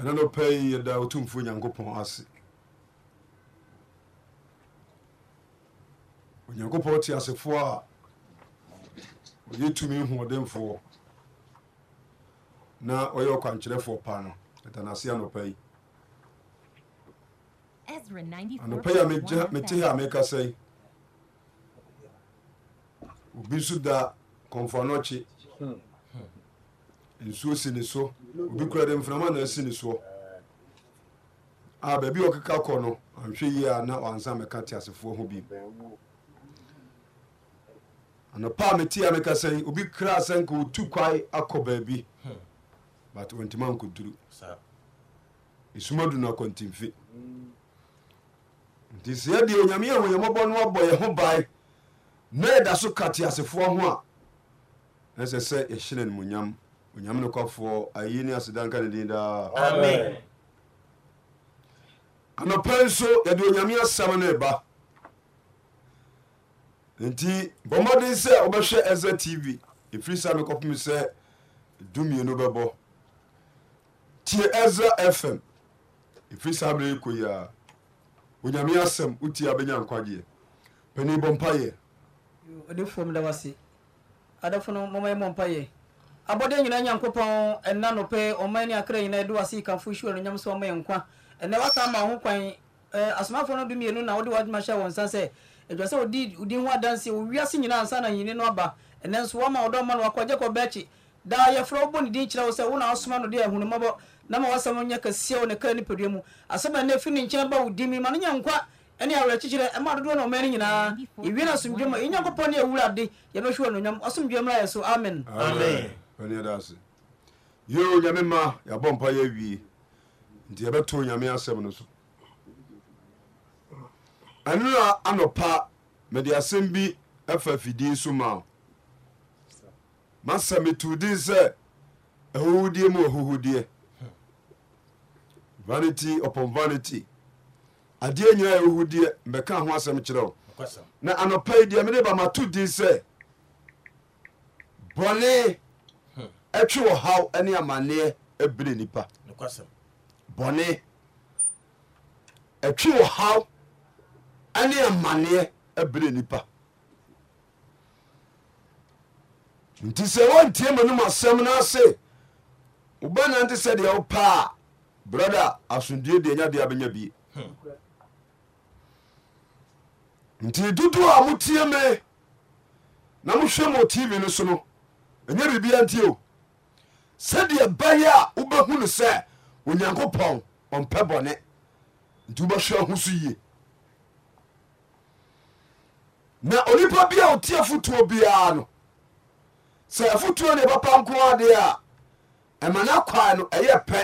ɛna no pɛ yi yɛda ɔtumfoɔ nyankopɔn ase onyankopɔn te asefoɔ a ɔyɛ tumi hoɔdenfoɔ na ɔyɛ ɔkwankyerɛfoɔ pa no ɛtanase anɔpa yi anɔpa yi a mete hɛ a mekasa yi obi nso da kɔmfoanɔkye hmm. nsuo si ne so obi bikurade mframa na esi ne soɔ a beebi a ɔkeka kɔ no anhwɛ yie a na wansa mɛka te asefoɔ ho bi anɔpa a mete a meka sɛn obi kra sɛ ka otu kwae akɔ baabi but ɔntimi ankɔduru ɛsuma du na akɔntimfi nti sɛ yɛdeɛ onyame yɛ honyamɔbɔ no abɔ yɛ ho bae na ɛda so ka te asefoɔ ho a ɛsɛ sɛ yɛhyerɛ nomonyam onyamenokwafoɔ ayi ne asedanka ne dendaa anapɛ nso yɛde onyame asɛm no ɛba nti bɔ mbɔden sɛ wobɛhwɛ sa tv ɛfri saa mekwafome sɛ dumienu bɛbɔ tie sa fm ɛfri saa me yɛkɔ ia onyameɛ asɛm wotie abɛnya nkwgyeɛ pa bɔ mpayɛ abɔdeɛ nyinaa nyankopɔn ɛnna nopɛ ɔman ne akra nyinaa ɛde wase kamfo hyiwa no nyam sɛ ɔma yɛ nkwa ɛnɛ waka ma ho kwan asomafoɔ no dumienu na wode wadwuma hyɛ wɔn nsa sɛ adwa sɛ wodi wodi ho adanseɛ wowiase nyinaa ansa na nyini no aba ɛnɛ nso wama wɔdɔ ma no wakɔgye kɔ bɛakyi daa yɛfrɛ wobɔ ne din kyerɛ wo sɛ wona na no de ahunumɔbɔ na ma wasɛm nyɛ kɛseɛ wo ne kra nipadua mu asɛm ɛnɛ fi ne nkyɛn ba wo di mi ma no nyɛ nkwa ɛne awerɛkyekyerɛ ɛma dodoɔ na ɔma no nyinaa yɛwie no asomdwama yɛnyankopɔn ne awura ade yɛno hwɛ no nyam asomdwamra yɛ so amen, amen. amen. aniadaase yeo nyame ma yɛabɔ mpa yɛ awie nti yɛbɛtoo nyame asɛm no so ɛno a anɔpa mede asɛm bi ɛfa fidin so ma masɛ metoo din sɛ ahohodie mu ahohodie vanity upon vanity adeɛ nyinaa ɛhohodie mbɛka ho asɛm kyerɛ wo na anɔpa yi deɛ mede ba mato din sɛ bɔne ɛtwe ɔhaw ɛne amanneɛ abire nipa bɔne ɛtwe ɔhaw ɛne amanneɛ abire nipa nti sɛ wontie manom asɛm no ase wobɛnante sɛ deɛ wo paa brada asomdue deɛ nya deɛ abɛnya bie hmm. nti dodoɔ a motie me na mohwɛ mo tv no so no ɛnyɛ biribia ntie o sɛdeɛ bɛyɛ a wobɛhu no sɛ onyankopɔn ɔmpɛ bɔne nti wobɛhwɛ hu so yie na onipa bi a wotia afotuo biara no sɛ afotuo ne ɛba pa nkoaa deɛ a ɛma ne akwae no ɛyɛ pɛ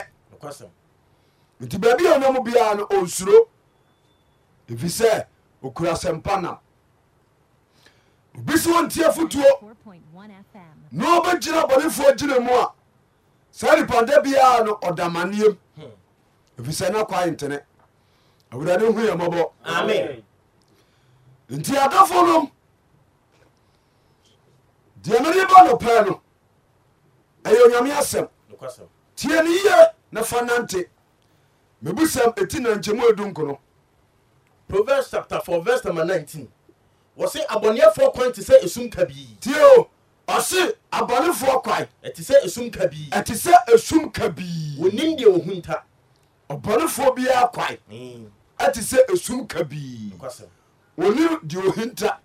nti baabi a ɔnamu biara no ɔnsuro dɛfi sɛ ɔkura asɛmpa nam obisɛ ɔntie afotuo na obɛgyira bɔnefoɔ gyine mu a saa nipɔnda biara no ɔdamanneɛm ɛfisɛ hmm. na kwa ntene awurade hu yɛ mɔbɔ nti adɔfo no deɛ mene bɔ no pɛɛ no ɛyɛ onyame asɛm tie ne yiye na fa nante mebusɛm ɛti nankyɛmu adunko no proverbs chapter 4 verse number 19 wɔ se abɔneɛfoɔ kwan te sɛ ɛsum kabii tie o ɔse abɔnefoɔ kwae ɛte sɛ ɛsum ka bii ɛte sɛ ɛsum ka bii wɔnim deɛ wɔhu nta ɔbɔnefoɔ biara kwae ɛte sɛ ɛsum ka bii wɔnim deɛ wɔhu nta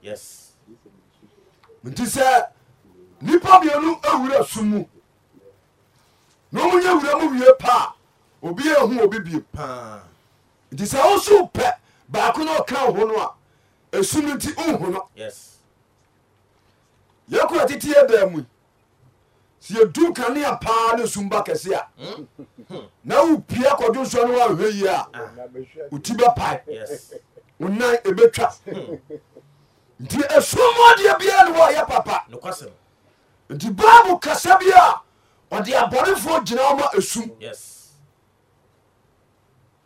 nti sɛ nipa mmienu ewura sum mu na ɔmunyɛ wura mu wie pa a obi ɛhu obi bie paa nti sɛ wosow pɛ baako na ɔka wo ho no a ɛsum no nti wonhu no yɛkɔ atete yɛ baa mu sɛ yɛdum kanea paa ne sumba kɛse a na wopie akɔdwo nsɔ wa woahwɛ yie a woti bɛpae wo nan ɛbɛtwa nti ɛsomɔdeɛ biara ne wɔyɛ papa nti bible kasa bi a ɔde abɔnefoɔ gyina wɔ ma ɛsum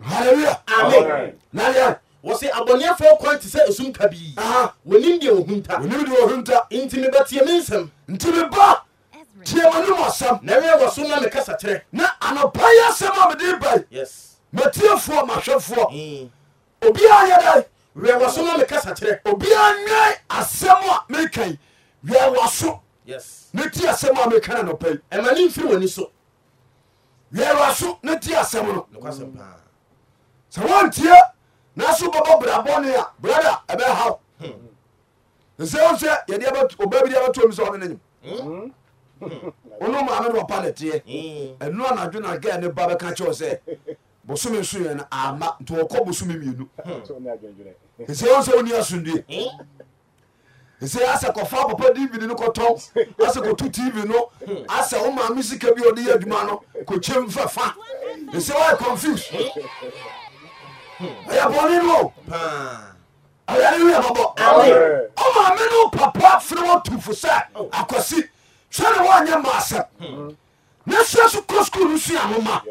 halleluya amen na deɛ wɔsi abɔnɛfoɔ kwan te sɛ esum kabii wɔnim deɛ wɔhunta wɔnim deɛ wɔhunta nti mebɛteɛ me nsɛm nti meba tiɛ wɔne mɔ asɛm na ɛwɛ wɔ so na mekasa kyerɛ na anɔpa yɛ asɛm a mede bae matiefoɔ mahwɛfoɔ obiaa yɛ dɛ wɛ wɔ so na mekasa kyerɛ obiaa nwɛ asɛm a mekan wɛ wɔ so ne ti asɛm a meka na anɔpa yi ɛma ne mfiri w'ani so wɛ wɔ so ne ti asɛm no sɛ wɔntie naso bɛbɔ brabɔne a brada ɛbɛhaw nsɛm sɛ yɛde ɔba bi de abɛtom sɛ ɔne no nyim ɔno maame no ɔpa neteɛ ɛno anadwo na gɛ ne ba bɛka kyɛw sɛ bosome so yɛ no ama nti wɔkɔ bosome mmienu nsɛm sɛ woni asomdue ɛsɛ asɛ kɔfa papa dvd no kɔtɔn asɛ kɔto tv no asɛ wo maame sika bi ɔde yɛ adwuma no kɔkyɛm fa fa ɛsɛ woayɛ confuse ɛyɛ bɔne no ayarewia papa fere wɔ tumfo sɛ akwasi sɛne wɔanyɛ ma asɛm ne sɛ so kɔ skul no sua noma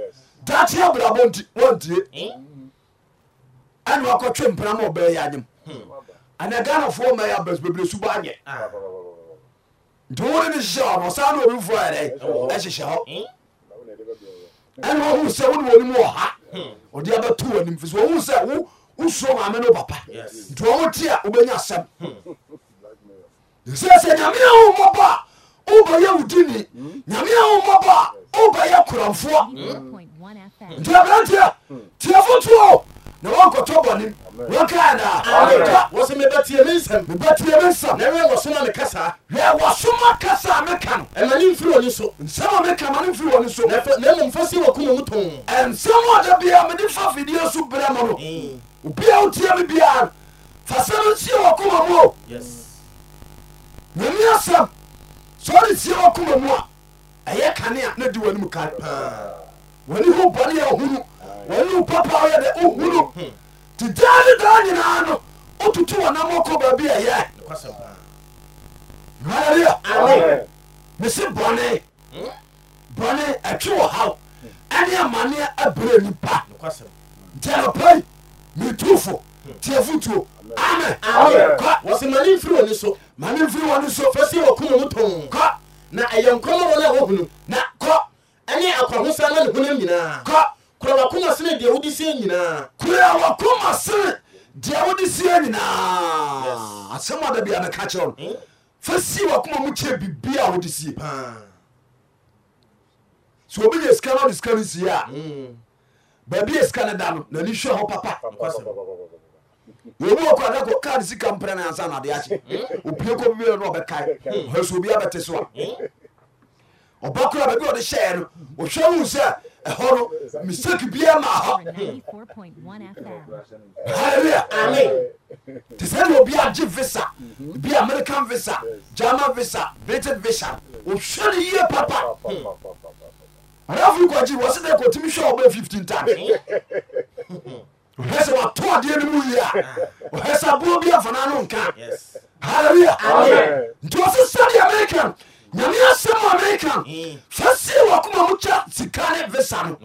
daate abrabɔ wɔntie ɛne wakɔtwe mpena ma ɔbɛyɛ anyem ɛnɛ ghanafoɔ mayɛ anyɛ nti wore ne hyehyɛ hɔ no ɔsaa ne obi foɔ ɛdɛ ɛhyehyɛ hɔ ɛne wohu sɛ wo ne wɔ nim wwɔha ɔde aba to wanim firisɛ wɔhu sɛ wosuomameno woba ba nti ɔwo tea wobɛnya asɛm sɛ sɛ nyamea wommɔbɔ a wowbɔ yɛ wo dini nyame wommɔbɔ a wowbɔyɛ korɔnfoɔ nti abranteɛ tia fotoo na wɔnkɔtɔ bɔnem wɔkaa naa meda wɔsɛ mebɛtie me nsɛm mebɛtie me nsɛm na wɛ wɔsoma meka saa wɛ wɔsoma kasa a meka no ɛma ne mfiri so nsɛm a meka ma ne mfiri wɔne so na mmom fa si wɔkoma mu too ɛnsɛm a da bia mede fa fidie so berɛ ma no obia wotie me biara fa sɛ no nsie wɔkoma mu o nyame asɛm sɛ ɔde sie wɔkoma mu a ɛyɛ kanea na di w'anim ka w'ani ho bɔne yɛ ɔhunu wɔne wopapa yɛ dɛ wohunu nti daa ne daa nyinaa no wotutu wɔ nam ɔkɔ baabi ɛyɛ haleluya ame mese bɔne bɔne ɛtwe wɔ haw ɛne amanneɛ abrɛ nipa nti anɔpa yi metuufo tiafotuo ame wɔsɛ mane mfiri wɔne so mane mfiri wɔne so fɛ sɛ wɔkoma mu tɔn kɔ na ɛyɛ nkɔmɔ wɔn a wɔhunu na kɔ ɛne akɔhosa na ne honam nyinaa kɔ kura wakoma sene deɛ wode sie nyinaa kura wakoma sene deɛ wode sie nyinaa asɛm ada bia meka kyerɛ no eh? fa sie wakoma mu kyerɛ biribia a wode sie sɛ obi nya sika no wode sika no sie a mm. baabi a sika no da no nani hwɛ hɔ papa obi wɔ kɔ adakɔ kaade sika mprɛ no ansa na ade akye mm. opie kɔ bibia no ɔbɛkae mm. ɔhɛ sɛ obi abɛte so a ɔba kora baabi a ɔde hyɛɛ no ɔhwɛ wu sɛ ɛhr mesaki bia mahh ane nti sɛde obigye visa bi american visa jama visa britn visa ɔhɛno ye papa dafrkwsedɛktimihɛ brɛ 15 time sɛ watɔdeɛ nomu wi ɛ bora bifana nonka ntisesade american nyame asɛm amerika fa sie wakoma mu kya sika ne visa no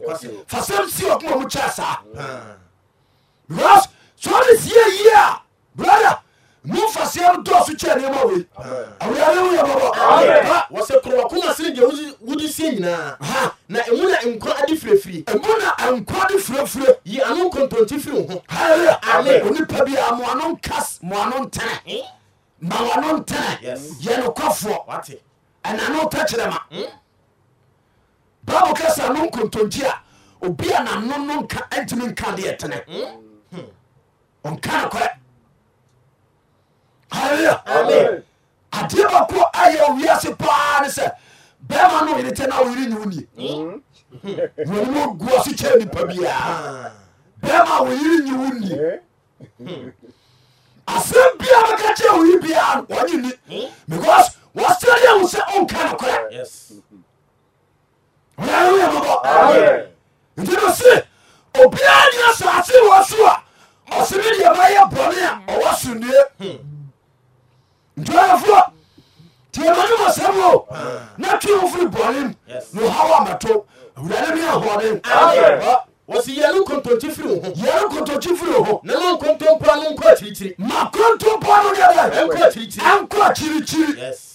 fa sɛm sie wakoma mu kya saa because sɔre sie yie a brother mu faseɛ dɔɔso kyɛ nneɛma wei awurade woyɛ bɔbɔ wɔsɛ korɔwakoma sene deɛ wode sie nyinaa na ɛmu na nkwa ade firɛfiri ɛmu na nkwa ade firɛfiri yi ano nkontonti firi wo ho halleluya amen onipa bi a mo ano nkas mo ano ntene ma wano ntene yɛ ɛnano ota kyerɛma hmm? babe kɛ sɛ no nkontɔnki a obi ananono antimi nka deɛ tenɛ hmm? hmm. ɔnka nokorɛ adeɛbako ayɛ owiase paane sɛ bɛima no yere tɛ na oyernye woniga sokyerɛ nipa bia bɛma wo yere nye wo ni asɛm biamakakyerɛ woyi biaa no ɔyeni because wɔsrɛ yɛ wo sɛ ɔnka nokorɛ ɔyɛyɛ mɔbɔ nti no se obiaa ne asase wɔ so a ɔseme deɛ bɛyɛ bɔne a ɔwɔ sondue nti ɔyɛfoɔ nti ɛmane mɔ sɛm o hmm. na twe wo firi bɔne m na ɔhaw amato awurade bi ahoɔden wɔsi yɛlu nkontonkyi firi wo ho. yɛlu nkontonkyi firi wo ho. na ma nkontompo ano nkɔ akyirikyiri. ma nkontompo ano yɛ dɛ. ɛnkɔ akyirikyiri. ɛnkɔ akyirikyiri. yes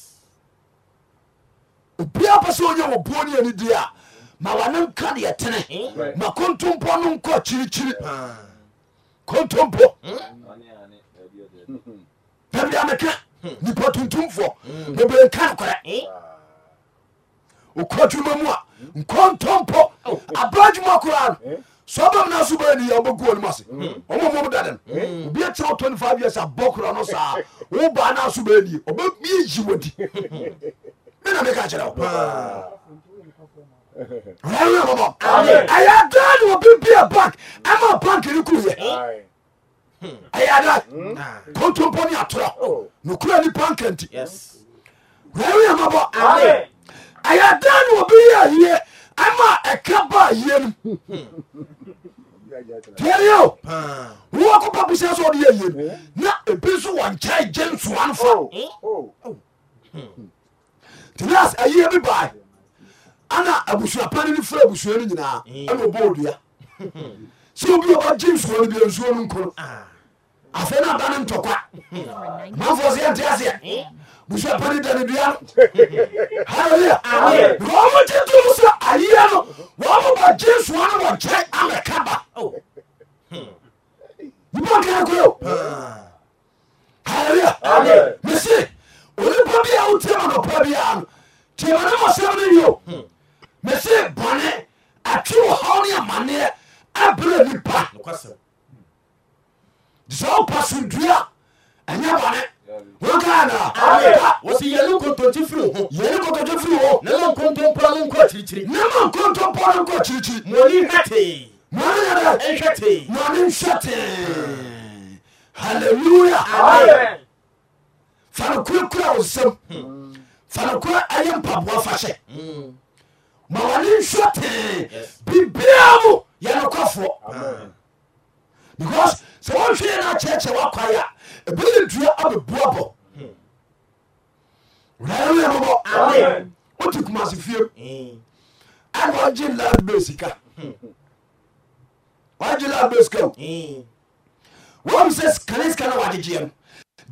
obia pɛ sɛ ɔnyɛ wɔ buo ne ani deɛ a ma wane nka deɛ tene hmm? ma kontompo no nkɔ kyirikyiri hmm? kontompo babia meka hmm? nipa tuntumfoɔ bebere nka nokorɛ okɔ adwuma mu a nkontompo oh. abra adwuma koraa no sọ bẹẹ mi n'asu bẹẹ ni yà ọmọ gu ọlọmọ ase ọmọ mọ dada mu obi ẹ kyerɛ twenty five years abɔ kura no saa wọn ba n'asu bẹẹ ni ọbẹ mi yi wọ di mena meka kyerɛ wo ɔyɛ bɔbɔ ɛyɛ daa ne wɔbibia bank ɛma bank ne kuruyɛ ɛyɛ ada kontompo ne atorɔ nokura ne bank nti ɔyɛ mabɔ ɛyɛ daa ne wɔbiyɛ yie ɛma ɛka baa yie no tiɛreo wowɔ kɔpa busia sɛ ɔde yɛ yie no na ebi nso wɔ nkyɛe gye nsoa tnas ayie bi ba ana abusua pane no fra abusua no nyinaa ɛna mm. ɔbɔɔdua sɛ obi a ɔgye nsuo no bia nsuo no nkono ah. afei no aba no ntɔkwa mafoɔ sɛ yɛnte aseɛ mm. busua pane da no dua no halleluya wɔmo gye to no sɛ ayia no wɔmo bɔgye nsuo no wɔkyɛ amɛka ba nipa nkaa koyo halleluya mese onipa bia wotia anɔpa bia no tiɛwone mɔsɛm no yio mese bɔne atwe ɔhaw ne amaneɛ abrɛ nipa sɛ wopa somdua ɛnyɛ bɔne wɔsi yɛne nkontonkye firi ho yɛne nkontonkye firi ho na ma nkontompa no nkɔ akyirikyiri na ma nkontompa no nkɔ akyirikyiri mɔne hwɛ tee mɔne yɛdɛ nhwɛ tee mɔne nhwɛ tee halleluya amen fanokorakura osɛm fanekora ayampa boa fachɛ mawane nso te bibamo yanokafoɔ because sɛ onfiena kyekyɛ wakwaya bɛne dua abe boab amobɔ wot kmase fiem nweladkasa m kanskanweeɛm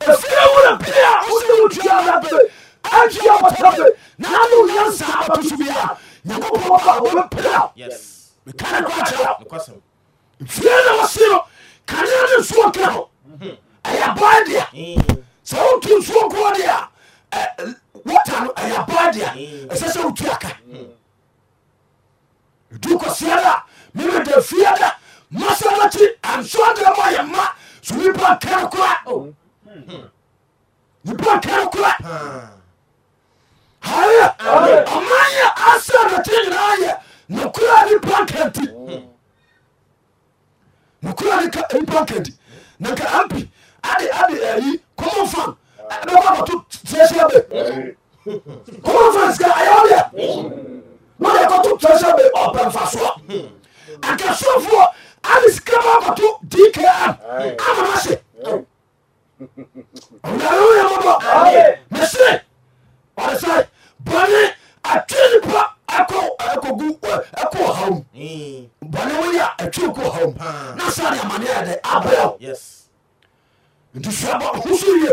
ɛfirɛwura a nyankopɔn ba wɔbɛpira mfie na wɔse no kanea ne ma so nipa kn hy maya asanaceginaaye nekra ni bknn hmm. hmm. hmm. k mi a cmn dmba sbe sk ay dktssbe nes akesof aniskababato dk amamse eb me se bade si bane atwari ba ko ham hmm. ban weya atwako ham hmm. nasane amanea de ab nti sb hsrie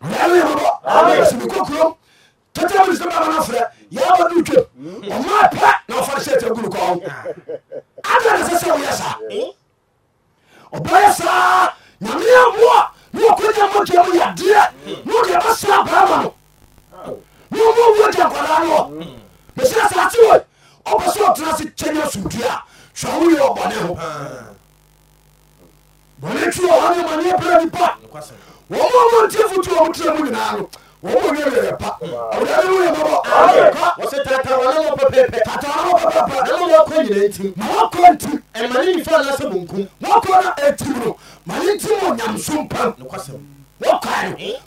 ɛne yɛbɔbɔ sɛ mekɔ kurom tɛtɛ bi sɛ bɛbana frɛ yɛba ne wotwam ɔma pɛ na ɔfare hyɛ ta guru kɔɔ ada ne sɛ sɛ woyɛ saa ɔbɛyɛ saa nyame aboa ne ɔkɔgya mɔtua mu yadeɛ ne ɔde bɛsra baama no ne ɔma wuo gya nkwadaa no mesrɛ saa te wei ɔbɛ sɛ ɔtena se kyɛne asomdua a hwɛ woyɛ ɔbɔne ho bɔne twi ɔhɔ ne ma ne yɛpɛra nipa ɔmɔti fottrɛ m nyina no ɛymmawk nti mane fanasɛ bnkwkɔn atir o mane ntim ɔ nyamsom bamanenm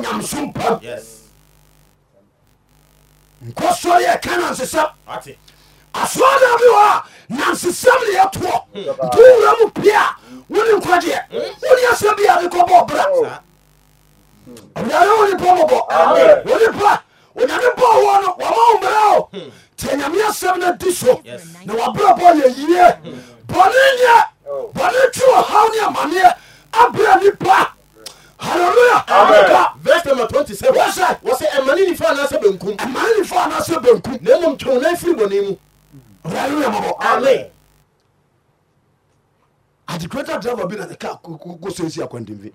nyamsom bam nkɔsɔyɛ kanansesɛ asoaname h nansesɛm neyɛ toɔ nto wura mu pia wone nkagyeɛ woneasɛ bia ne kɔ bɔɔ bera ao np bɔbɔon pɛ onyane bɔ wo no wama omrɛ o teanyamea sɛm no di so na waberɛ bɔ yɛ yie bɔneyɛ bɔne twuo haw ne amaneɛ aberɛ nipa halasn 27ɛmane nɔnɛ bɛmane nfoɔanasɛ banknfr ale adekrata driver bụ na ne kaa kɔ so asi akwandemve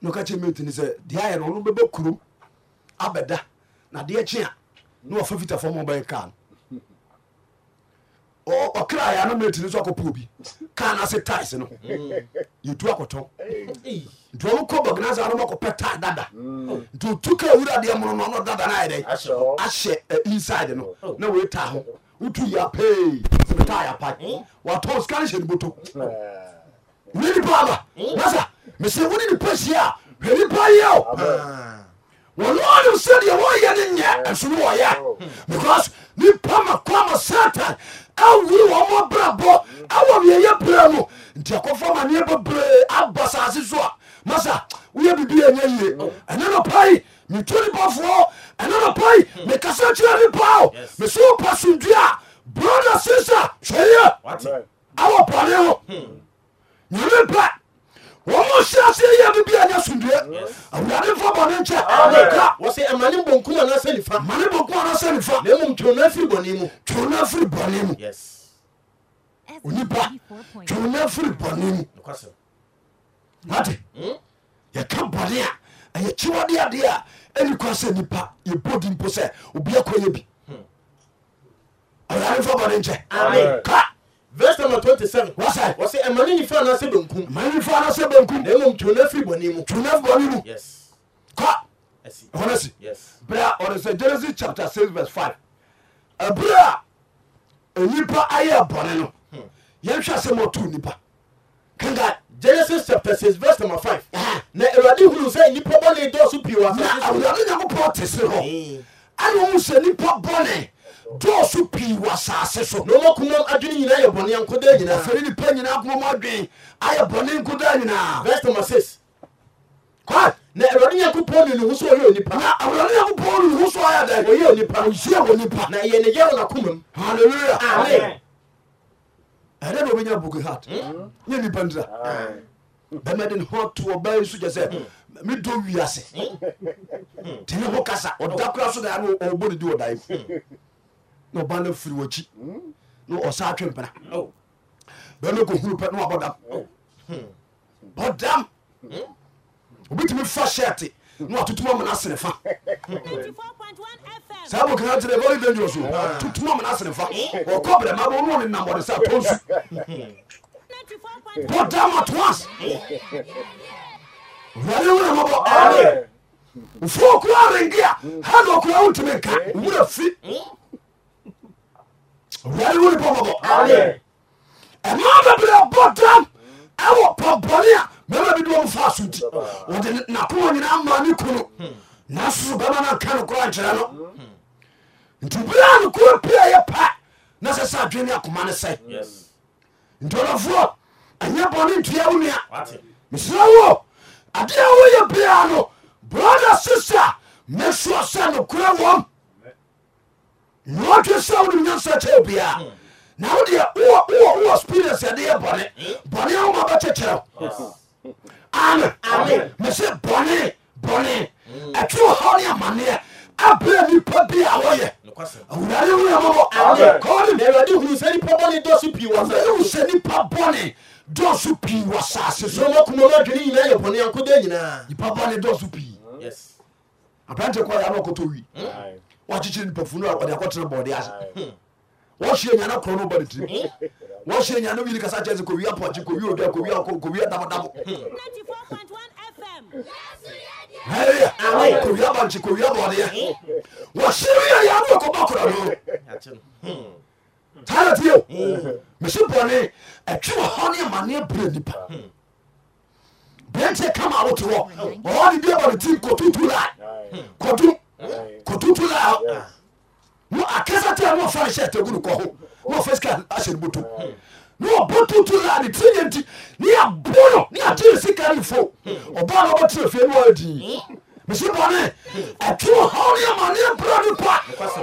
na ɔka kyerɛ mɛtini sɛ deɛ ayɛ no ɔno bɛbɛ kurom na deɛ kye a na wafa fitafoɔ bi kaa no nti ɔmo kɔ bɔgina sa ɔmo kɔpɛ taa dada mm. oh. nti otu ka ewura deɛ mu no ɔno dada na ayɛ dɛ ahyɛ eh, inside no oh. na wei taa ho wotu ya pee sɛbi taa ya paa hmm? watɔ sikari hyɛ niboto wuli nipa aba nasa hmm? mesia wuli nipa si a hwɛ nipa yi o ah. wɔn ɔno sɛdeɛ wɔyɛ ne nyɛ ɛsoro wɔyɛ oh. hmm. because nipa ma kɔ ama satan awuri wɔn mo brabɔ awɔ wiye yɛ brɛ mu nti akɔfra ma nneɛma bebree aba saase so a masa woyɛ bibi ɛnyɛ yie oh. ɛne no pai metu nipafoɔ ɛne no hmm. pai mekasa kyerɛ nipa mese wo pa somdua a brother sister hwɛyɛ awɔ pɔne ho hmm. nyame pɛ wɔmo hyɛ aseɛ yɛ bibi ɛnyɛ somdua awurade mfa bɔne nkyɛ wɔsɛ ɛmane bonkum anasɛ nifa mane bonkum anasɛ nifa na mmom twɛno afiri bɔne mu twɛno afiri bɔne mu onipa twɛno afiri bɔne mu wate hmm? yɛka bɔne a ɛyɛ kyiwɔde adeɛ a ɛni kwa sɛ nipa yɛbɔdi mpo sɛ obia kɔ yɛ bi ɔyaremfa hmm. bɔne nkyɛ ka verse number twenty seven. wasa. wasa ɛmani nifa anase benkum. ɛmani nifa anase benkum. na emu tuna firi bɔnni mu. tuna firi bɔnni mu. yes. kɔ. ɛsi. ɔhɔn ɛsi. yes. bra ɔrɛsɛ Genesis chapter six verse five. ɛbura nipa ayɛ bɔnni no hmm. yɛn hwɛ asɛm ɔtu nipa kankan genesis chapter six verse number five na awurade huru sɛ nnipa bɔne dɔɔso pii wɔ na so awurade nyankopɔn te se hɔ ɛna ɔmu sɛ nnipa bɔne dɔɔso pii wɔ asase so na ɔmakomam adwene nyinaa yɛ bɔne ankodaa nyinaa sɛne nipa nyinaa komam adwen ayɛ bɔne nkodaa nyinaa verse number six kɔ na awurade nyankopɔn ne ne ho so ɔyɛ onipa na awurade nyankopɔn ne ne ho so ayɛ dɛ ɔyɛ onipa ɔyɛ onipa na ɛyɛ ne na nakoma mu halleluya amen ɛnɛ na obɛnya broken heart hmm? nyɛ nipa ndira hmm. bɛma de ne ho to ɔbaa so kyɛ sɛ hmm. medɔ wiase nti ne ho kasa ɔda kora so daa no ɔbɔ ne di ɔdae mu na ɔba no firi wɔkyi na ɔsa atwe mpena oh. bɛma kɔhunu pɛ na wabɔdam bɔdam obɛtumi oh. fa hyɛte na watotum amana sene fa saa bokana tene very dangerous tutuo mena sene fa ɔkɔ brɛ ma bɔno ne nam ɔde sɛ tɔ nsu bɔ dam at once wurade wura mɔbɔ ame ofo kura renke a hana ɔkura wontimi nka wura fi wurade wure pɔbɔbɔ ɛma bɛbrɛ bɔ dam ɛwɔ pɔbɔne a mɛma bi de ɔmfa so nti ɔde nakoma nyinaa ma ne naoo bɛma noka noonkyerɛ no ntibra noko piayɛ pa nasɛsa dni aomansɛ noɔ yɛ bɔnentua wonua mesɛ w adeawɔyɛ bia no brothe siste mes sɛ nokora wɔm nd sɛwononyansakyɛrɛ bia neɛ wɔspdesɛ ɔnaɛkkyerɛmese bɔne bɔne ɛte ɔhaw ne amaneɛ abɛ nipa bi a wɔyɛ awurade wo yɛmɔbɔ ɛnekɔne awurade hunu sɛ nipa bɔne dɔso pii wɔ sɛ wu sɛ nipa bɔne dɔso pii wɔ saase so mɔkoma no adwene nyinaa yɛ bɔne ankoda nyinaa nipa bɔne dɔso pii abrante kɔ yɛana ɔkɔtɔ wi wakyekyere nipa funu a ɔde akɔtena bɔɔde ase wɔhyɛ nyana korɔ no ba ne tirim wɔhyɛ nyana wini kasa kyɛ sɛ kɔwi apɔkye kɔwi odwa kɔwi akɔ ɛno kurowia ba nkye kurowia bɔɔdeɛ wɔhyere yɛ yɛ ne ɔkɔbɔ kora no tara bio mese bɔne ɛtwe wɔ hɔ ne amaneɛ berɛ nipa bɛntiɛ kama wote hɔ ɔhɔ bia bɔne tim kɔtutu la kɔdu kɔtutu la mo akasa tea ne ɔfa ne hyɛ atagunu kɔ ho ne ɔfa sika ahyɛ no botom na wɔbɔ tutu ra ne tiri yɛ nti ne yɛbo no ne yɛte ne sika ne fo ɔbɔ no wɔbɛtena fie ne wɔadi mesi hmm. bɔne ɛtwe hmm. ɔhaw ne ama ne brɛ no pa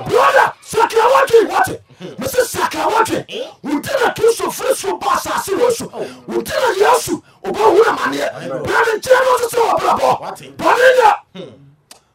brɔda sakrawɔtwe wɔte mese sakrawɔtwe wonti na kristo firi so bɔ asase wɔ so wonti na yesu ɔbɛhura amaneɛ brɛ ne nkyerɛ no nso sɛ wɔbrɛbɔ bɔne yɛ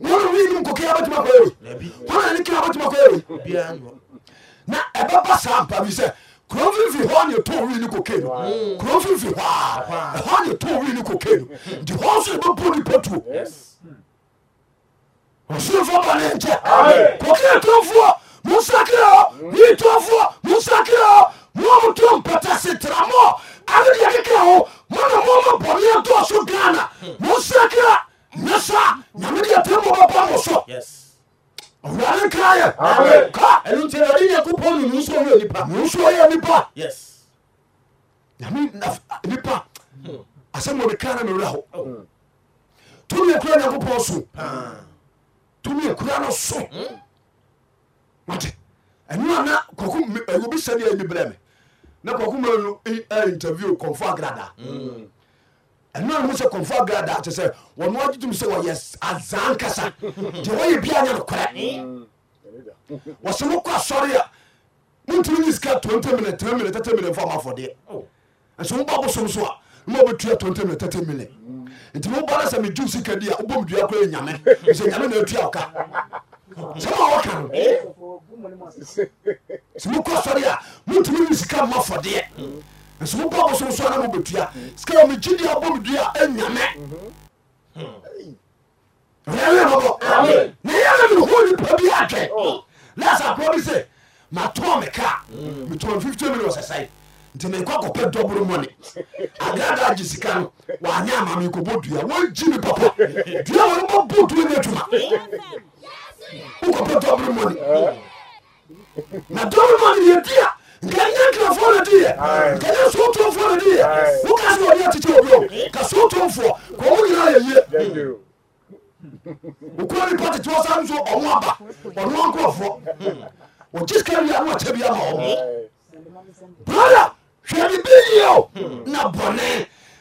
wọn ni mu nkokɛ abatuma kɔ ewe wọn ni kira abatuma kɔ ewe na ɛbɛba saa mpabi sɛ kuro fifi hɔ ne to wi ne kokɛ no kuro fifi hɔ a ɛhɔ ne to wi ne kokɛ no nti hɔ nso ɛbɛbu ne patuo ɔsorofo ba ne nkyɛ kokɛ tofoɔ mo nsakirɛ hɔ ne tofoɔ mo nsakirɛ hɔ mo a mo to mpɛtɛse tramɔ ade deɛ kekɛ ho mo na mo ma bɔne ɛdɔɔso ghana mo nsakirɛ nso a nyame deɛ pɛmbɔ bɛbɔ mo so ɔwurade krayɛ ɛno nti awurade nyankopɔn ne nso ɔyɛ nipa nso ɔyɛ nipa nyame nipa asɛm wɔde kra na mewura hɔ tumi akura nyankopɔn so tumi akura no so wate ɛno a kɔko ɛwobi sɛdeɛ ni brɛ me na kɔko ma no interview kɔmfo agradaa mm. ɛno mu sɛ kɔmfo agrada kyɛ sɛ wɔno agye tum sɛ wɔyɛ azan kasa deɛ wɔyɛ bia nyɛ nokorɛ wɔsɛ mokɔ asɔre a montumi nye sika 20 million 3 million 30 million fo amafɔdeɛ ɛnso mobɔ bosom so a ma wobɛtua 20 million 30 million nti mobɔ no sɛ medwo sika di a wobɔ medua kora nyame sɛ nyame na atua ɔka sɛ ma wɔka no sɛ eh? mokɔ asɔre a montumi nye sika mmafɔdeɛ nsomopa bosonso na mobɛtua sika megyidi abɔ medua anyame ɛyɛmɔbɔ meho nipa bi adwɛ lasa oh. koa bi sɛ matɔɔ me ka metɔn 50 million sɛsɛe nti menkɔ kɔpɛ dɔboro mɔne agrada gye sika no waanyɛ ama menkɔbɔ dua wɔgyi me papa dua wɔne bɔbɔ dua ne atuma wokɔpɛ dɔboro mɔne oh. na dɔboro mɔne yɛdia nkanyɛ nkrafoɔ no diɛ nkanyɛ sotomfoɔ no diɛ woka sɛ ɔde akyekye obi o ka sotomfoɔ kɔ wo nyinaa yɛyie wokura nipa tete wɔ sa nso ɔmo aba ɔnoa nkurɔfoɔ ɔgye sika wia ne ɔkyɛ bi ama ɔmo brada hwɛ ne bi yie o na bɔne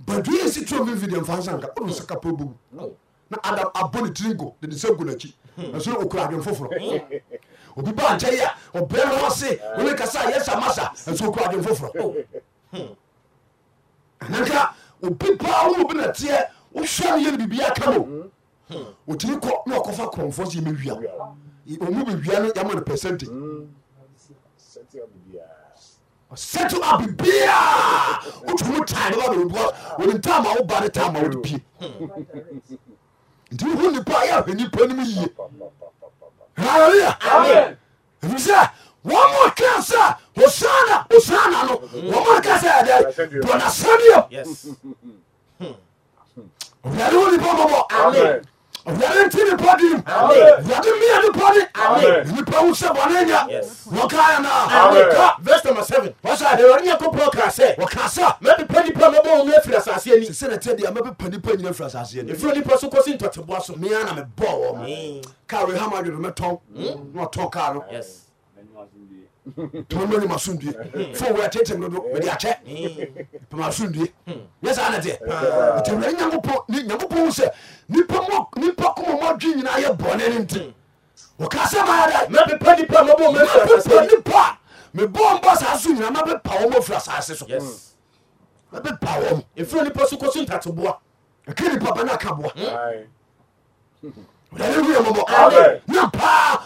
badu yɛ si tura min video nfa san ka ɔno nsa kapa bugu na ada abɔ ne tiri go de ne nsa gu n'akyi ɛso okura adwene foforɔ obi ba nkyɛn yi a ɔbɛn hɔ se wɔn kasa yɛ sa masa ɛso okura adwene foforɔ ɛnanka hmm. obi paa wo obi na teɛ wohwɛ no yɛ no aka mo ɔtumi hmm. kɔ na ɔkɔfa korɔmfoɔ so yɛmɛwia ɔmu hmm. bɛwia no yɛma no percentage settle up biaa wotumi tane ba bɛbua wɔne tama woba ne tama wode pie nti wohu nipa yɛ ahwɛ nipa no mu yie halleluya ɛfiri sɛ wɔma kaa sɛ osana osana no wɔma ka sɛ ɛdɛ bɔnasɛdeɛ ɔwurade wo nipa bɔbɔ amen awurade nti nipa dim awurade mmea nipa de nipa wo sɛ bɔne nya wɔkaɛ naa vs nm 7 wɔsɛ awurade nyankopɔn kaa sɛ wɔkaa sɛ mɛpepa nipa mɛbɔ wɔn afiri asase ani sɛ na tɛdeɛ mɛpepa nipa nyina afiri asase ani ɛfiri nipa so kɔsi ntɔteboa so mea na mebɔɔ wɔ m kar hama dwede mɛtɔn hmm? na ɔtɔn kar no tɔnbɔ ni masundue fo wɔyɛ tɛntɛn dodo mɛdi akyɛ masundue nyɛ saa na deɛ nti wura nyankopɔ ni nyankopɔ wusɛ nipa mɔ nipa kɔmɔ mɔ dwi nyinaa yɛ bɔnɛ ni nti hmm. wɔka sɛ maa dɛ mɛ pepa nipa mɛ bɔ mɛ fura pepa nipa mɛ bɔ nbɔ saa so nyinaa mɛ bɛ pa wɔn mɔ fura saa se so mɛ bɛ pa wɔn efura nipa so kɔso ntate boa eke nipa bɛ n'aka boa wura ni mɔmɔ na paa.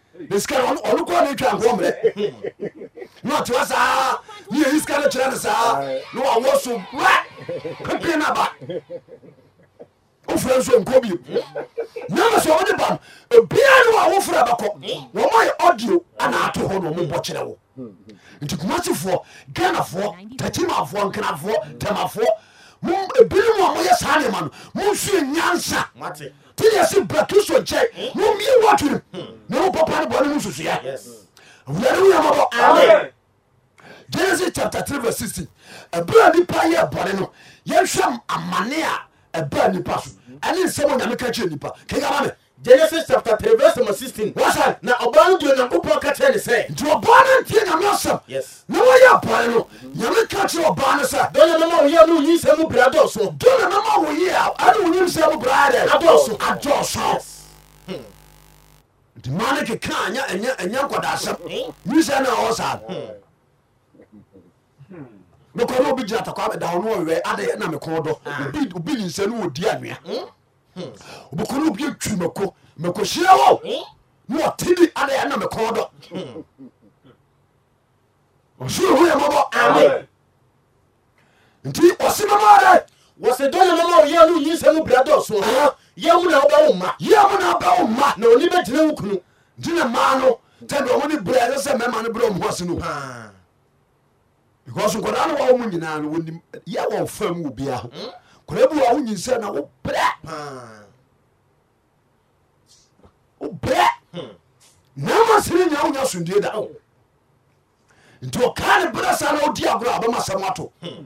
sika ɔnokɔ ne twa nkoɔ mmerɛ na ɔtewa saa ne yɛyi sika no kyerɛ no saa na wɔwɔ so wa pepie na ba wofrɛ nso nkɔ bio nyama sɛ ɔmode ba no obiaa ne wɔ wofrɛ bɛkɔ wɔmayɛ audio anaato hɔ na ɔmobɔ kyerɛ wo nti kumasefoɔ ghanafoɔ takyimafoɔ nknafoɔ tamafoɔ ebinom a moyɛ saa nema no monsue nyansa tideɛ se bra kristo nkyɛn hmm. momie wɔtwerem hmm. na wopɔpa no bɔne ho nsusua awurade woyamabɔ genesis chapter 3 verse 16 ɛberɛ nipa yɛ bɔne no yɛhwɛ amane a ɛbaa nipa so hmm. ɛne nsɛm onyame ka kyerɛ nipa kekama me genesis chapter three verse number sixteen. wasa na ɔbaa no deɛ onyankopɔn ka kyerɛ ne sɛ. nti ɔbaa no ntie nyame asɛm. yes na wɔyɛ aban no nyame ka kyerɛ ɔbaa no sɛ. dɔnna mɛma wo yie a ne wo nyinsɛn mu bira adɔɔso. dɔnna mɛma wo yie a ɛne wo nyinsɛn mu bira adɛ. adɔɔso adɔɔso. Hmm. nti maa ne keka anya anya anya nkɔdaasɛm hmm. nyinsɛn hmm. na ɔwɔ saa mekɔ ne obi gyina atakɔ abɛda hɔ no ɔwɛ adɛ na mekɔn dɔ ah. obi ne nsɛn no wɔ di anwea obɛkɔ ne obie twi mako mako hyira wo eh? na ɔtedi adɛ ɛna mekɔ dɔ ɔsoro ho yɛ mɔbɔ nti ɔse mɛmɔ adɛ wɔsɛ dɔne mɛma ɔyɛ no nyi sɛ mu bra dɔ so yɛ mu na wobɛwo ma yɛ mu na wobɛwo ma na ɔni bɛgyina wo kunu nti ne maa no tɛde ɔmo ne brɛ ɛsɛ sɛ mɛma no brɛ ɔmo hɔ se no because nkɔdaa no wɔwo mu nyinaa no yɛ wɔ fa mu wɔ bia ho hmm? kɔrɔbu wa wo nyinsɛna wobrɛ hmm. woberɛ nama sere nya wonya asomdie da hmm. nti okaa ne berɛsa na wodiagora a bɛmasɛm wato hmm.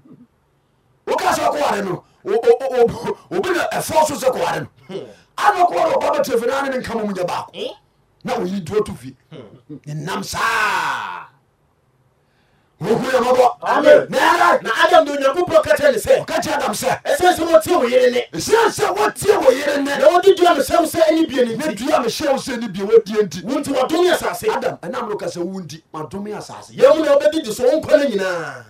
woka sɛ wokɔware no obi na ɛfoɔ so sɛ kɔware no ana kɔware ɔba bɛtɛfi no ane ne nka mɔ munya baako hmm? na oyi duo to fie hmm. nenam saa naadam de onyankopɔn ka kyerɛ ne sɛ ɔka kyerɛ adam sɛ ɛsiane sɛ wɔtie wo yere ne ɛsiane sɛ wɔtie wo yere ne na wɔde dua me sɛm sɛ ani bie ne ne dua me hyɛ wo sɛ ani bie wɔdie nti wo nti wɔdome asase adam ɛnam no ka sɛ wo nti madome asase yɛ mu na wobɛdidi so wonkɔ no nyinaa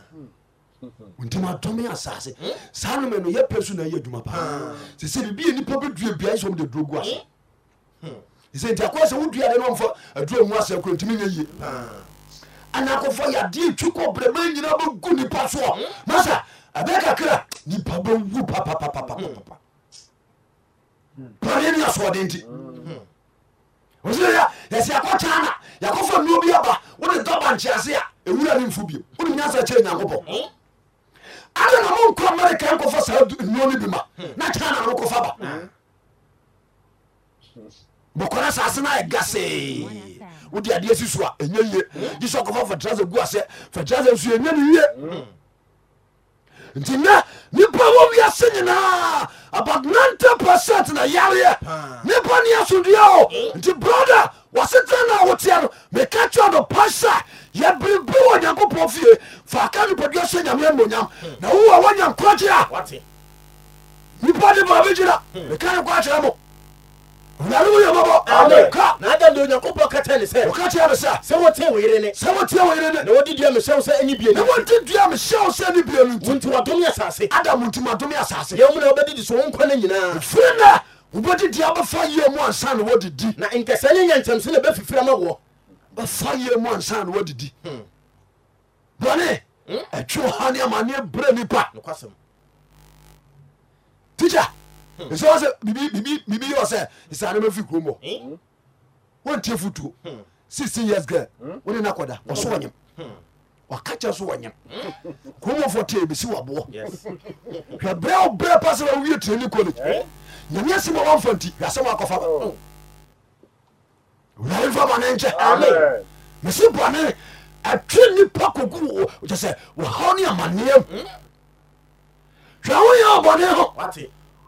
ntimi adome asase hmm? saa nome no yɛpɛ so na ɛyɛ adwuma paa ah. sɛ sɛ biribi nipa bɛdua biae sɛ mde duro gu ase eh? hmm. sɛ nti akɔ sɛ wodua de no mfa aduro mu asɛ koro ntimi nyɛ yie ah. anakɔfɔ yadeɛ twi kɔ brɛma nyina bɛgu nipa soɔ hmm? masa ɛbɛ kakra nipa bɛwu papapapapapa bɔne ne asoɔden nti ɔsɛ yɛsɛ yɛkɔ kyana yɛkɔfa nnuo bi aba wode dɔba nkyease a ɛwura ne mfo o wode nyasa kyɛ nyankopɔn eh? ada na wonkɔ amerika nkɔfa saa nnuo no bi ma hmm. na kyena na wokɔfa ba hmm. bɔkɔra asase no ayɛ gasee wode adeɛ si so a ɛnya yie hmm. gye sɛ ɔkɔfa fatrase gu asɛ fatrase nso ɛnya no yie nti nɛ nipa wowia se nyinaa about 90 pesent na yareɛ mepɔ neasondeɛ o eh? nti brotha wasetea noa woteɛ no meka kyeɛno basa yɛberebo wɔ nyankopɔn fie faaka nip dasɛ nyamenanonyam hmm. na wowa wanyam koragyea nipa de maa bɛgyira hmm. mekakakyerɛmo nyarewoyɛ mɔbɔ ameka na ada de onyankopɔn ka kyerɛ ne sɛ ɔka kyerɛ me sɛ sɛ wotie wo yere ne sɛ wotie wo yere ne na wɔde dua mehyɛ wo sɛ ani bie na wɔde dua mehyɛ wo sɛ ani bie no nti wadome asase adam nti wadome asase yɛ mu na wobɛdidi so wo nkwa no nyinaa firi na wobɛdidi abɛfa yie mu ansa na wɔdidi na nkɛsɛ ne nya nkyɛmse na bɛfifiri ama woɔ bɛfa yie mu ansa na wɔdidi hmm. bɔne hmm? ɛtwe ɔha ne amanneɛ brɛ nipa tikya Hmm. nse wɔ sɛ bibi yɛ sɛ nsane mafi kurom hɔ eh? wɔntie fotuo hmm. sixteen years girl hmm. wone na kɔda ɔso wɔnyem ɔka kyɛ so wɔnyem kuromɔfoɔ te bɛsi wɔboɔ hwɛ berɛ wo berɛ pa sɛ wawie trani college eh? nyameɛ sɛ ma wɔmfa nti hwɛ asɛm akɔfa ba wurare mfa bɔne nkyɛ amen mese bɔne atwe nnipa kogu kyɛ sɛ wɔhaw ne amanneɛm hwɛ woyɛ ɔbɔne ho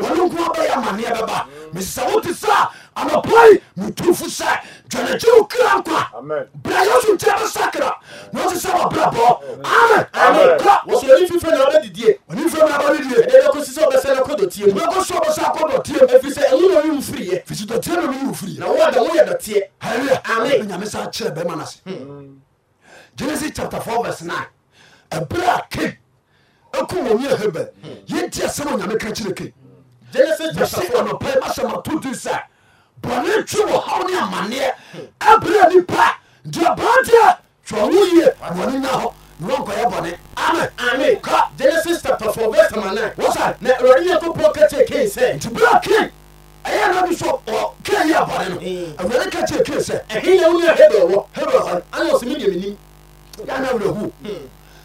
wɔne nko bɛyɛ amaneɛ bɛba mesɛ wote sa anɔpai metumfo sɛ dwanekyi wo kra nkwa bra yesu nkyɛ bɛsakra na ɔte sɛ wɔbrabɔ amenwɔsɛnfifɛnabɛdidie ɔnfɛnabɛdidiekɔsi sɛ ɔbɛsɛ no kɔdɔtie mubɛkɔ so ɔbɛsɛ kɔdɔtie ɛfiri sɛ ɛyi na ɔyɛ mfiriɛ fisi dɔteɛ na ɔyɛ mfiriɛ na wɔda woyɛ dɔteɛ ame nyame sa kyerɛ bɛma no ase hmm. genesis chapter 4 verse 9 ɛberɛ a ke ɛkum wɔnyɛ hebel hmm. yɛntiɛ sɛm onyame ka kyerɛ ke genesis bɛhyɛ wɔnɔpɛ masɛmato di sɛ bɔne twe wɔ haw ne amanneɛ abrɛ nipa deɛ branteɛ twɛwo yie wɔne nya hɔ ne bɔne amen ka genesis chapter four verse number nine wɔsa na awurade nyankopɔn ka kyerɛ kain sɛ nti berɛ kain ɛyɛ na bi so ɔ kain yɛ bɔne no awurade ka kyerɛ kain sɛ ɛhe yɛ wo ne a hebel wɔ hebel hɔ ana ɔsɛ medeɛ menim yɛ ana werɛhuo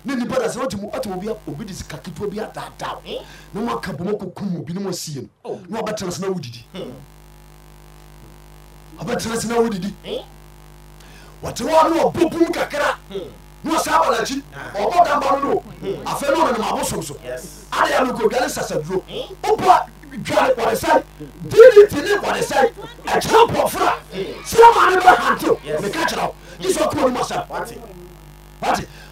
ne nipa da sɛ wotim wotim obi obi de sika ketewa bi adaadaa hmm. na mo aka bɔmɔ kɔkum obi ne mo asie no oh. na wabɛtena sena wodidi hmm. Hmm. wabɛtena sena wodidi wɔtena hɔ ne ah. ɔbɔ bum kakra ne ɔsa aba n'akyi ɔbɔ damba no no afei ne ɔnenam abosom so adeɛ no kodwane sasaduro wobɔ dwane kɔresɛe didi tini kɔresɛe ɛkyerɛ mpɔfra sɛ ma ne bɛhantew meka kyerɛ wo gye sɛ ɔkoma no mu asɛm wate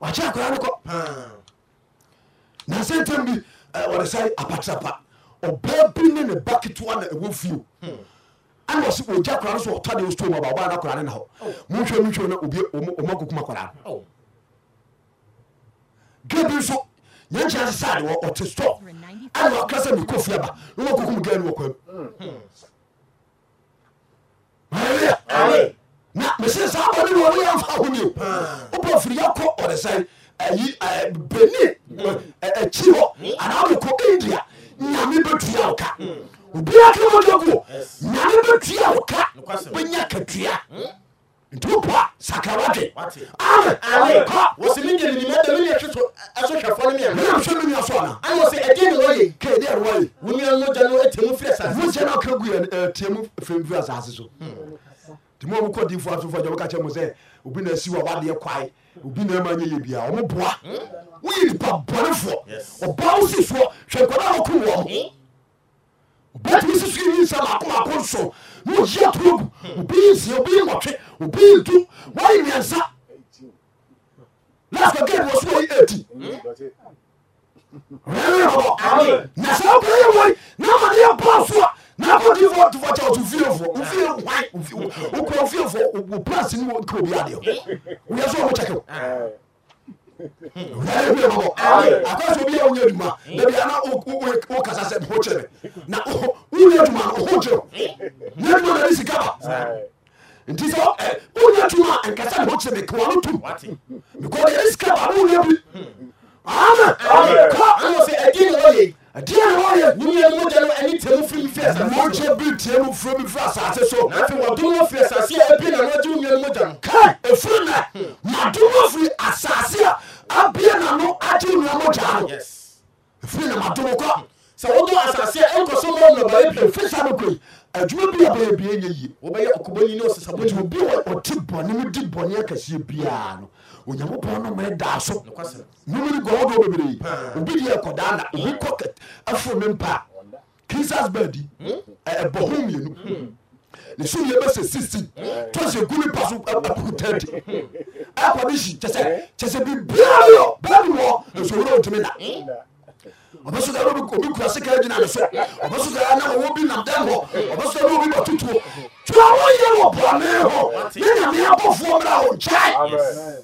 wakye akora no kɔ nansɛntɛm bi wɔde sɛ apatrapa ɔbaa bi ne ne ba ketewa na ɛwɔ fio ana ɔsɛ ɔgya akora no so ɔtɔ de ɔstɔ mu aba ɔbaa no akora ne na hɔ monhwɛ monhwɛ na obi ɔma kokuma akora no dwa bi nso yɛnkyɛ sesade wɔ ɔte stɔ ana ɔka sɛ mekɔ fie aba na ɔma kokum ga no wɔ kwa mu na mese saa bɔne ne wɔne yɛmfa ho nio hmm. wobɔ firi yɛkɔ ɔde sɛ ayi beni akyi hmm. hɔ hmm. anaa wokɔ india nyame bɛtua wo ka obiaa ka mɔdaguo nyame bɛtua wo ka wonya katua nti wopoa sakrawade amenwosɛmenyasonaɛdɛnwɔyɛ kɛdɛnwɔyɛ wogyano ka gu tiamu fɛmfiri asase so timi ɔmo kɔ diifo asofo agya wɔka kyɛ mo sɛ obi na asi wa wadeɛ kwae obi na ɛma nyɛ yɛ bia ɔmo boa hmm? woyɛ nipa bɔnefoɔ ɔbaa wo sifoɔ hwɛ nkɔda a wɔko wɔ mo ɔbɛtumi siso yi nsa baako baako nso na ɔyi atoro obi yi nsia obi yi nwɔtwe obi yi ntu wɔyɛ mmiɛnsa last again wɔ so wɔyɛ eighty rɛrɛ rɔbɔ na saa nafɔdi fɔ tu fɔ cɛ o tu fiye fɔ o fiye wayi o kura fiye fɔ o pilasi ni o kuro bi a de o yɛ sɔn o cɛ kɛ o yɛrɛ bi yɛrɛ bɔ a ko sɔ bi yɛ o yɛ duma bɛbi ana o o o kasa sɛ o cɛ na o o yɛ duma o o cɛ ne duma na ni sika ba nti sɛ ɛ o nkasa ni o cɛ mi kɔn o tu mi sika ba o yɛ bi amen kɔ an yɛ ɛdi ni o yɛ ɛdeɛ na ɔyɛ nimia mu deɛ no ɛne tɛmu firi mfiri asase wɔkyɛ bi tie firi mi firi asase so na afei wɔdom firi asase a ɛbi na wɔgye wo nua no mogya no ka ɛfiri na madom no firi asase a abie na no agye wo nua mogya no ɛfiri na madom kɔ sɛ wodɔ asase a ɛnkɔ so mɔ nnɔbaeɛ pie fi sa no kɔi adwuma bi a bɛyɛ bia yɛ yie wobɛyɛ ɔkɔbɔni ne ɔsesabɔgyi obi wɔ ɔte bɔne mu di bɔne akɛseɛ biaa no onyankopɔn no me daa so nomere gɔ wɔdɔ bebree obi deɛ kɔdaa na obi kɔ aforo me mpa kisas badi hmm? ɛbɔ ho mmienu hmm. ne so yɛ bɛsɛ sisi hmm. tɔsɛ gu nipa so apuku tɛnti akɔde kyɛsɛ kyɛsɛ biribiara yɔ baabi wɔ nsowura otumi na ɔbɛso da obi kura sika gyina ne so ɔbɛso da na ɔwɔ bi nam dɛm hɔ ɔbɛso da obi ba tutuo tura wɔyɛ wɔ bɔne hɔ ne nyame abɔfoɔ mmra wo nkyɛe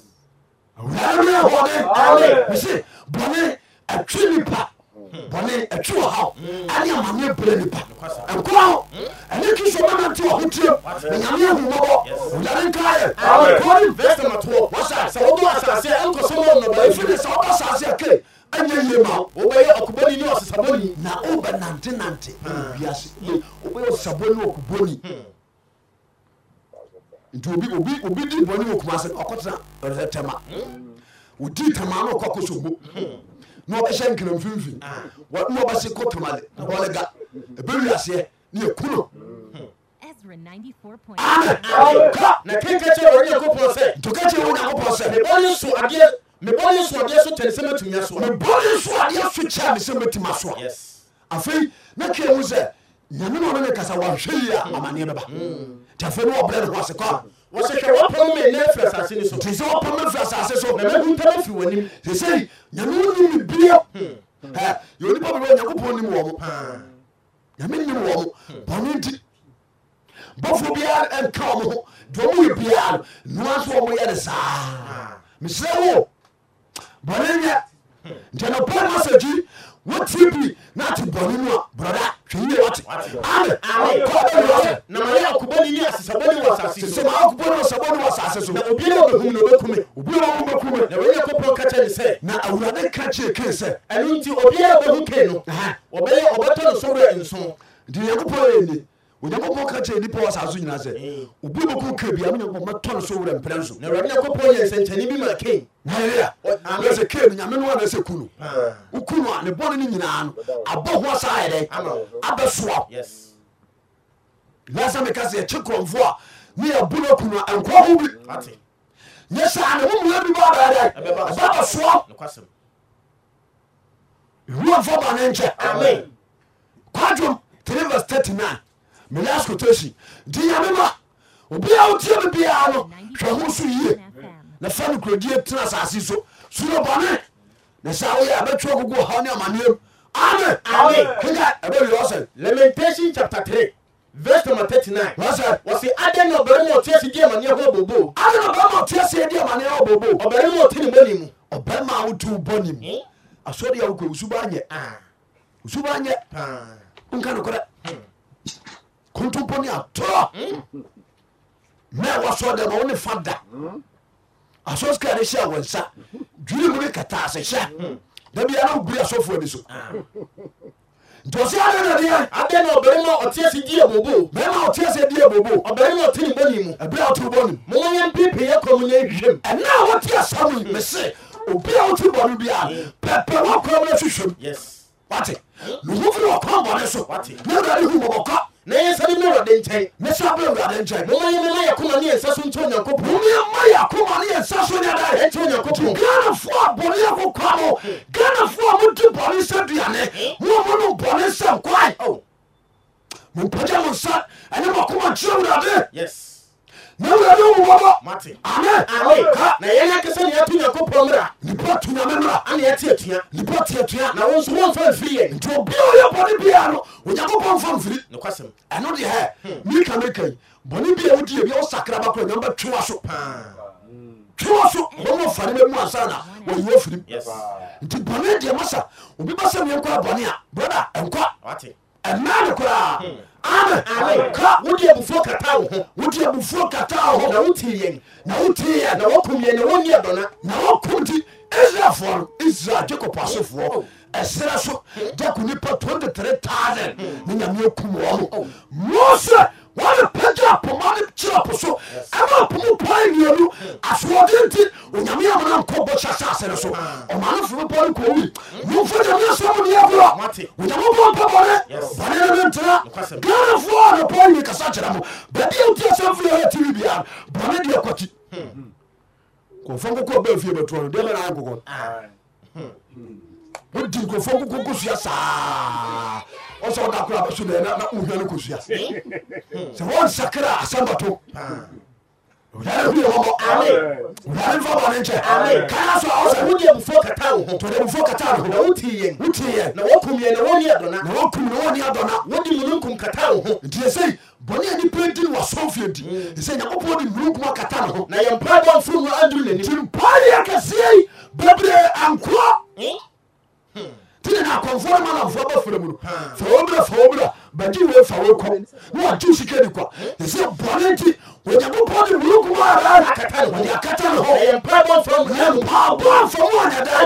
awurade mi ahɔde ɛne mese bɔne atwi nipa bɔne atwi wɔ haw ane amaneɛ brɛ nipa nkoma ho ɛne kristo bɛnante wɔ ho tiam na nyame ahumɔbɔ awurade nkaɛ kɔne vɛstamatoɔ wɔsɛ sɛ wodɔ asase ɛnkɔsɛmɔ nnɔbɛ ɛfiri sɛ wodɔ asase a ke ɛnyɛ yie ma wobɛyɛ ɔkobɔni ne ɔsesabɔni na wobɛnantenante ɛwɔ wiase wobɛyɛ ɔsesabɔni ɔkobɔni nti obi obi obi di bɔnni wɔ kumase ɔkɔtena ɔrɛ tɛma odi tɛma na ɔkɔ kosogbo na ɔbɛhyɛ nkira mfimfin na ɔbɛsi kɔ tɛma de na ɔle ga ebiri aseɛ ne yɛ kuno. na keke kyerɛ wɔn nyankopɔn sɛ ntoka kyerɛ wɔn nyankopɔn sɛ mebɔne so adeɛ mebɔne so adeɛ so tɛne sɛ matumi asoa mebɔne so adeɛ so kyɛ a me sɛ matumi asoa afei na kee mu sɛ nyame na ɔno kasa wahwɛ yi a amaneɛ bɛba hmm. nti afei ne wɔbrɛ ne ho ase kɔ hmm. wɔsɛ hwɛ wɔpɛm me nɛ firi asase ne so nti sɛ wɔpɛm afiri asase so na mɛbu ntɛm afiri w'anim sɛsɛi nyame wonim ne bia hmm. yɛ onipa bɛbɛ nyankopɔn nim wɔ mo nyame nim wɔ mo bɔne nti bɔfoɔ biara ɛnka wɔ mo ho deɛ ɔmo yɛ biara no noa nso wɔ yɛ de saa ah. mesrɛ wo bɔne nyɛ nti anɔpɔ no wotie bi na ate bɔne no a brɔda hwɛ yie wate kɔbɛwɔte na ma yɛ akobɔ ne yi asesabɔne wɔ asase so sɛ maakobɔ ne wɔsabɔne wɔ asase so na obi ne wɔbɛhum na wɔbɛkume obi ne wɔbɛhum bɛkume na wɔyɛ kɔpɔ ka kyɛ ne sɛ na awurade ka kyee kee sɛ ɛno nti obiara bɛhu kee no wɔbɛyɛ ɔbɛtɔ no sɔwerɛ nson nti nyankopɔn yɛ ni onyankopɔn ka kyerɛ nnipa wɔ asase so nyinaa sɛ obi bɛku ka bia mo nyankopɔn mɛtɔ no so wura mprɛ so na awurade nyankopɔn yɛ nsɛnkyɛne bi ma kain hallelujah na sɛ nyame no ana sɛ ku no woku no a ne bɔne no nyinaa no abɔ ho asa ayɛ abɛsoa lasa meka sɛ yɛkye korɔmfoɔ a ne yɛbu no aku no a ɛnkɔ ho bi nyɛ saa ne homua bi bɔ ɛbɛbɛsoa wuamfɔ ba ne nkyɛ kwadwom 3 vs 39 melas quotation nti nyame ma obia wotie me biaa no hwɛ ho so yie na fa no kurodie tena asase so suro bɔne na sɛ woyɛ abɛtwerɛ gogo haw ne amaneɛm ame kenya ɛbɛwirɛ sɛ lamentation chapter 3 verse number 39 wɔsɛ wɔse adɛn na ɔbarima ɔte ase di amaneɛ ho abobo adɛn na ɔbarima ɔte ase di amaneɛ ho abobo ɔbarima ɔte ne bɔne mu ɔbarima a wote wo bɔne mu eh? asɔdeɛ wokɔ wosuba anyɛ ah. wosuba anyɛ ah. wonka nokorɛ kontompo ne atorɔ na wɔsɔ dɛ ma wo ne fa da aso sika ne hyɛ wɔ nsa dwiri mu ne kataase hyɛ da bia na wobiri asɔfoɔ bi so nti ɔsɛ na deɛ adɛ na ɔbarima ɔtease di abobo bɛrima ɔtease di abobo ɔbarima ɔte ne bɔne mu ɛberɛ a ɔte bɔne mu moma yɛ mpepe yɛ kɔm ne ahwehwɛm ɛna a wɔte asa mu mese obi a wote bɔne bia pɛpɛ wɔkɔm no hwehwɛm wate ne ho firi ɔkɔn bɔne so na awurade hu mɔbɔkɔ yesanidek mesaberdeanyeenykmaya komanyesɛsonknyakganafoa bɔnako kamo ganafoa mode bone sedane omanobone sekwa mebjamosa anemakomakimrade nyamira ne wo bɔbɔ mate ame ame na yɛn akasa ne yɛtu nyankopɔn mmra nipa tu nyame mmra ane yɛte atua nipa te atua na wo nso wɔmfa mfiri yɛ nti obi a ɔyɛ bɔne biaa no onyankopɔn mfa mfiri nokwasɛm ɛno deɛ hɛ hmm. meka meka yi bɔne bi a wodiɛ bia wosakra ba korɔ nyamba twewa so twerɛ so wɔmɔ fane bɛmu ansa na wɔyiwɔ firim nti bɔne deɛ masa obi bɛsɛ meɛnkɔ abɔne a brada ɛnkɔ ɛna no kraawodbfo kathwodebofoo kata hɔ n wot yɛn na wotɛnawomyɛn wonia dɔna na wokom nti israfo isral jacop asofoɔ oh. ɛserɛ so jako nnipa 23 000 ne nyame kum ɔ no mos wane pa ja pomane kirop so emepomu puanan asdente oyameyamnnkbo sasaseneso mane fme pon kowe fdemse mon bo yam bop bone ban ementra ganefonepokasaceremo bed oiasefa tv ba bonede kati ankk befie betgo wodi nkurɔfoɔ nkoko nkosua saa ɔsɛ woda kora bɛso dɛ na wohwa no kosua sɛ wɔnsakra asɛmbato wurade hwie wɔbɔ wurade mfa bɔne nkyɛ kaa so a ɔsɛ wode abufuo kata wo ho tɔde abufuo kata wo ho na wotiyɛ wotiyɛ na wɔkumyɛ na wɔni adɔna na wɔkum na wɔni adɔna wode mununkum kata wo ho nti ɛsɛi bɔne a nipa di no wasɔmfie di ɛsɛ nyankopɔn de mununkum akata no ho na yɛmpa bɔ mfuru no aduru n'ani nti mpaa yɛ kɛseɛ yi bɛbrɛ ankorɔ eh? tina na akɔnfoɔ ma namfoɔ bɛfrɛ mu no fa wɔmra fa wɔmra bagye wei fa wei kɔ na wagye sika ni kwa ne sɛ bɔne nti onyankopɔn de wurokuma ara na kata ne wɔde akata ne hɔ mpaabɔ mfam ɔnyadaa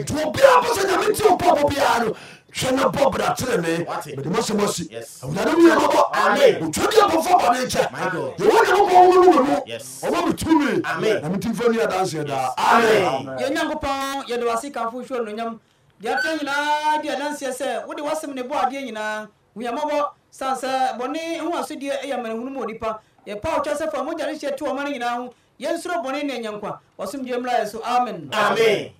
nti obiaa bɔ sɛ nyame nti wopɔbɔ biaa no hwɛ na bɔ bra terene mede masɛm asi awurade wuyɛ mabɔ otwadi abɔfo bɔne nkyɛ yɛwɔ nyankopɔn wonomu mu ɔma metumi na metimfa ni adanseɛ daa yɛnyankopɔn yɛde wasekamfo hwɛ nonyam deɛ ɛtɔ nyinaa deɛ nanseɛ sɛ wode w'asɛm ne bɔ adeɛ nyinaa huyamɔbɔ san sɛ bɔne ho asodeɛ eh, ɛyɛ amanehunu mu onipa yɛpa wotwa sɛ fa mogya ne hyɛ to ɔma no nyinaa ho yɛnsuro bɔne ne ɛnyɛ nkwa wɔsomdwe mmra yɛ so amen amen